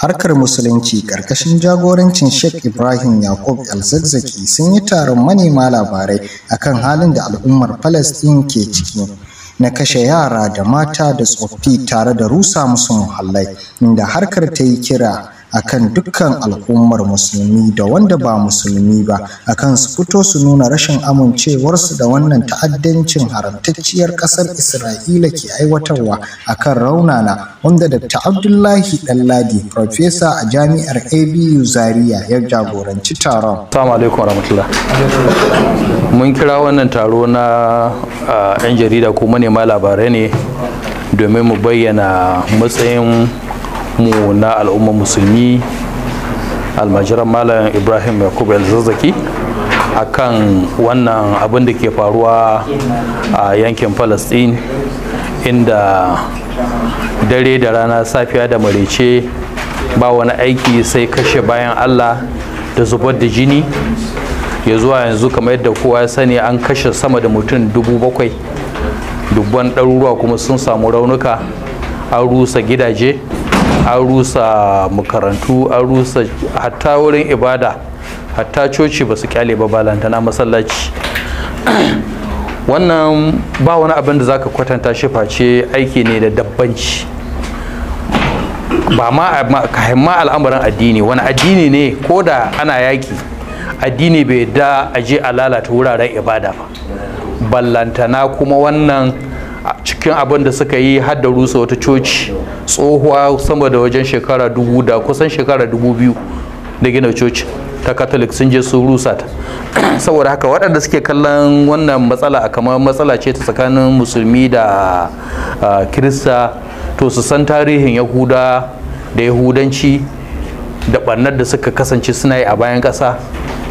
harkar musulunci ƙarƙashin jagorancin sheikh ibrahim yakub alzazzaki sun yi taron manema labarai akan halin da al'ummar palestine ke ciki na kashe yara da mata da tsoffi tare da rusa musu muhallai inda harkar ta yi kira akan dukkan al'ummar musulmi da wanda ba musulmi ba akan su fito su nuna rashin amincewarsu da wannan ta'addancin haramtacciyar ƙasar Isra'ila ke aiwatarwa akan raunana wanda Dr. Abdullahi Ɗanladi farfesa a Jami'ar ABU Zaria ya jagoranci taron. Assalamu alaikum Mun kira wannan taro na 'yan jarida ko manema labarai ne domin mu bayyana matsayin mu na al'umma musulmi almajiran malam ibrahim yakubu zazzaki a kan wannan abin da ke faruwa a yankin palestine inda dare da rana safiya da marece ba wani aiki sai kashe bayan allah da zubar da jini ya zuwa yanzu kamar yadda kowa ya sani an kashe sama da mutum dubu bakwai dubban ɗaruruwa kuma sun samu raunuka an rusa gidaje an rusa makarantu an rusa hatta wurin ibada hatta coci ba su kyale ba balantana masallaci wannan ba wani abin da zaka kwatanta shi face aiki ne da dabbanci ba ma kahimma al'amuran addini wani addini ne ko da ana yaki addini bai da aje a lalata wuraren ibada ba ballantana kuma wannan cikin abin da suka yi har da rusa wata coci tsohuwa sama da wajen shekara dubu da kusan shekara dubu biyu da gina coci ta catholic sun je su rusa ta saboda haka waɗanda suke kallon wannan matsala a kamar matsala ce ta tsakanin musulmi da kirista to su san tarihin yahuda da yahudanci da ɓannar da suka kasance suna yi a bayan ƙasa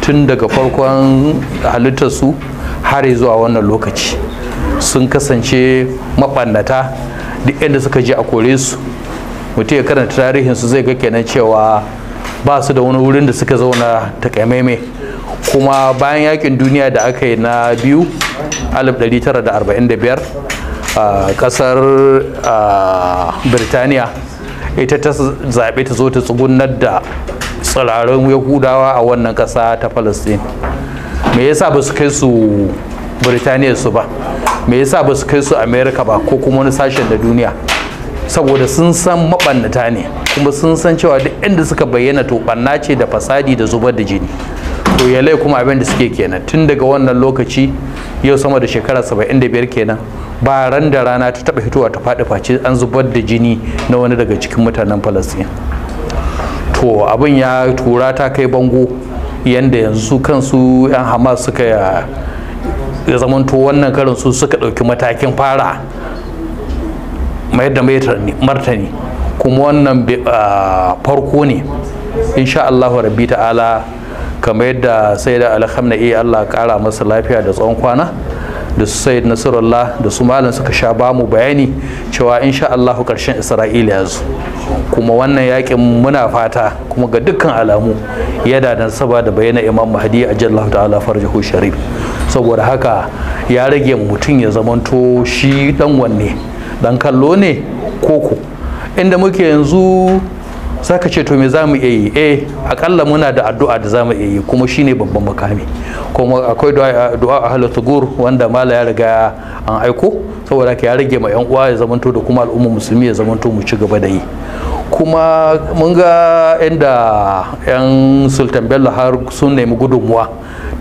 tun daga farkon halittarsu har zuwa wannan lokaci sun kasance mabannata duk inda suka je a kore su mutum ya karanta tarihin su zai ga kenan cewa ba su da wani wurin da suka zauna takamaime kuma bayan yakin duniya da aka yi na biyu 1945 a kasar birtaniya ita ta zaɓe ta zo ta tsugunar da tsiraren yahudawa a wannan ƙasa ta palestine me yasa ba su kai su birtaniya su ba me yasa ba su kai su america ba ko kuma wani sashen da duniya saboda sun san mabannata ne kuma sun san cewa duk inda suka bayyana to banna ce da fasadi da zubar da jini to yalai kuma abin da suke kenan tun daga wannan lokaci yau sama da shekara 75 kenan ba ran da rana ta taba fitowa ta faɗi face an zubar da jini na wani daga cikin mutanen falasɗin to abin ya tura ta kai bango yanda yanzu kansu 'yan hamas suka ya to wannan karin su suka ɗauki matakin fara mayar da martani kuma wannan farko ne insha Allah rabbi ta'ala kamar yadda sai da eh Allah kara masa lafiya da tsawon kwana da su sayyid nasarullah da su malam suka sha ba mu bayani cewa insha Allah karshen isra'ila ya zo kuma wannan yakin muna fata kuma ga dukkan alamu yada da saba da bayyana imam mahdi ajallahu ta'ala farjahu sharif saboda haka ya rage mutum ya zamanto shi dan wanne dan kallo ne koko inda muke yanzu saka ce to me za mu iya yi eh akalla muna da addu'a da za mu iya yi kuma shine babban makami kuma akwai du'a a halar tugur wanda mala ya riga an aiko saboda ka ya rage ma yan uwa ya zamanto da kuma al'umma musulmi ya zamanto mu ci gaba da yi kuma mun ga inda yan sultan bello har sun nemi gudunmuwa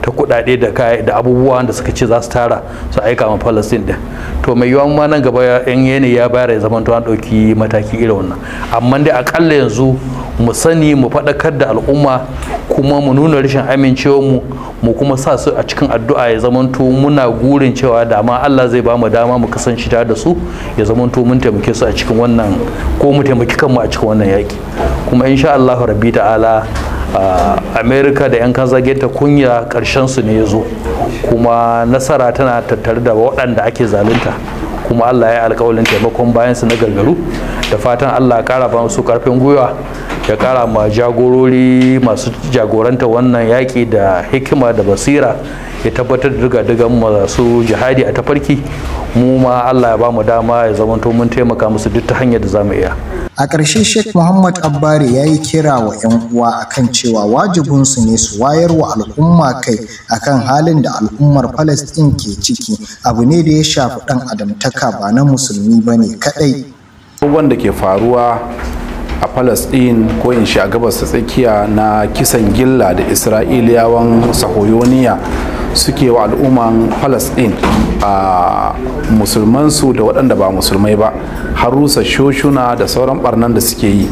ta kudade da kai da abubuwa da suka ce za su tara su aika ma Palestine din to mai yawan ma nan gaba yan yanayi ya bayar ya zama an dauki mataki irin wannan amma dai akalla yanzu mu sani mu faɗakar da al'umma kuma mu nuna rashin amincewar mu mu kuma sa su a cikin addu'a ya zamanto muna gurin cewa da ma Allah zai ba mu dama mu kasance tare da su ya to mun taimake su a cikin wannan ko mu taimaki kanmu a cikin wannan yaki kuma insha Allah rabbi ta'ala Ah, america da 'yan kazageta kunya su ne ya zo kuma nasara tana tattare da waɗanda ake zalunta kuma allah ya yi alkawalin taimakon bayansu na gargaru da fatan allah kara ba su karfin gwiwa ya kara ma jagorori masu jagoranta wannan yaƙi da hikima da basira ya tabbatar da diga-digan masu jihadi a tafarki mu ma allah ya ba dama ya zamanto mun taimaka musu duk ta hanyar da zamu mu iya a ƙarshe sheikh muhammad abbari ya yi kira wa 'yan uwa akan cewa wajibinsu ne su wayar wa al'umma kai akan halin da al'ummar palestine ke ciki abu ne da ya shafi ɗan adamtaka ba na musulmi ba ne kaɗai abubuwan da ke faruwa a palestine ko in a gabas ta tsakiya na kisan gilla da isra'iliyawan sahoyoniya suke wa al'umman palestine a musulmansu da waɗanda ba musulmai ba har rusa shoshuna da sauran barnan da suke yi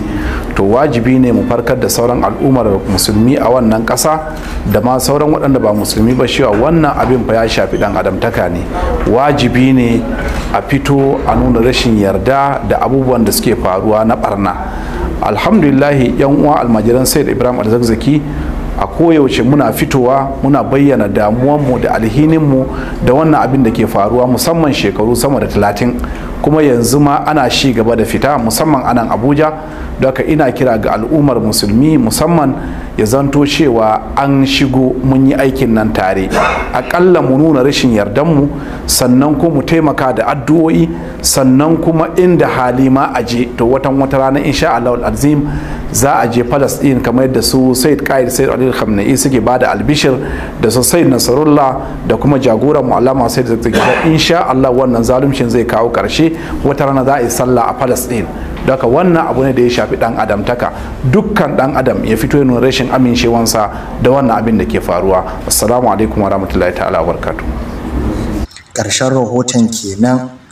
to wajibi ne mu farkar da sauran al'ummar musulmi a wannan ƙasa da ma sauran waɗanda ba musulmi ba cewa wannan abin fa ya shafi ɗan adamtaka ne wajibi ne a fito a nuna rashin yarda da abubuwan da suke faruwa na barna alhamdulillah yan uwa almajiran said ibrahim alzakzaki a koyaushe muna fitowa muna bayyana damuwanmu da alhininmu da wannan abin da ke faruwa musamman shekaru sama da talatin kuma yanzu ma ana shi gaba da fita musamman a nan abuja doka ina kira ga al'ummar musulmi musamman ya zanto cewa an shigo mun yi aikin nan tare akalla mu nuna rashin mu sannan ko mu taimaka da addu'o'i sannan kuma inda hali ma a je to watan wata rana insha Allah azim za a je Palestine kamar yadda su Said Qaid Said Ali Khamenei suke bada albishir da su Said Nasrullah da kuma jagoran mu alama Said Zakzaki insha Allah wannan zaluncin zai kawo karshe wata rana za a yi sallah a palestine daga wannan abu ne da ya shafi dan taka dukkan dan adam ya fito yin rashin amincewansa da wannan abin da ke faruwa assalamu alaikum warahmatullahi ta'ala wabarakatuh karshen rahoton kenan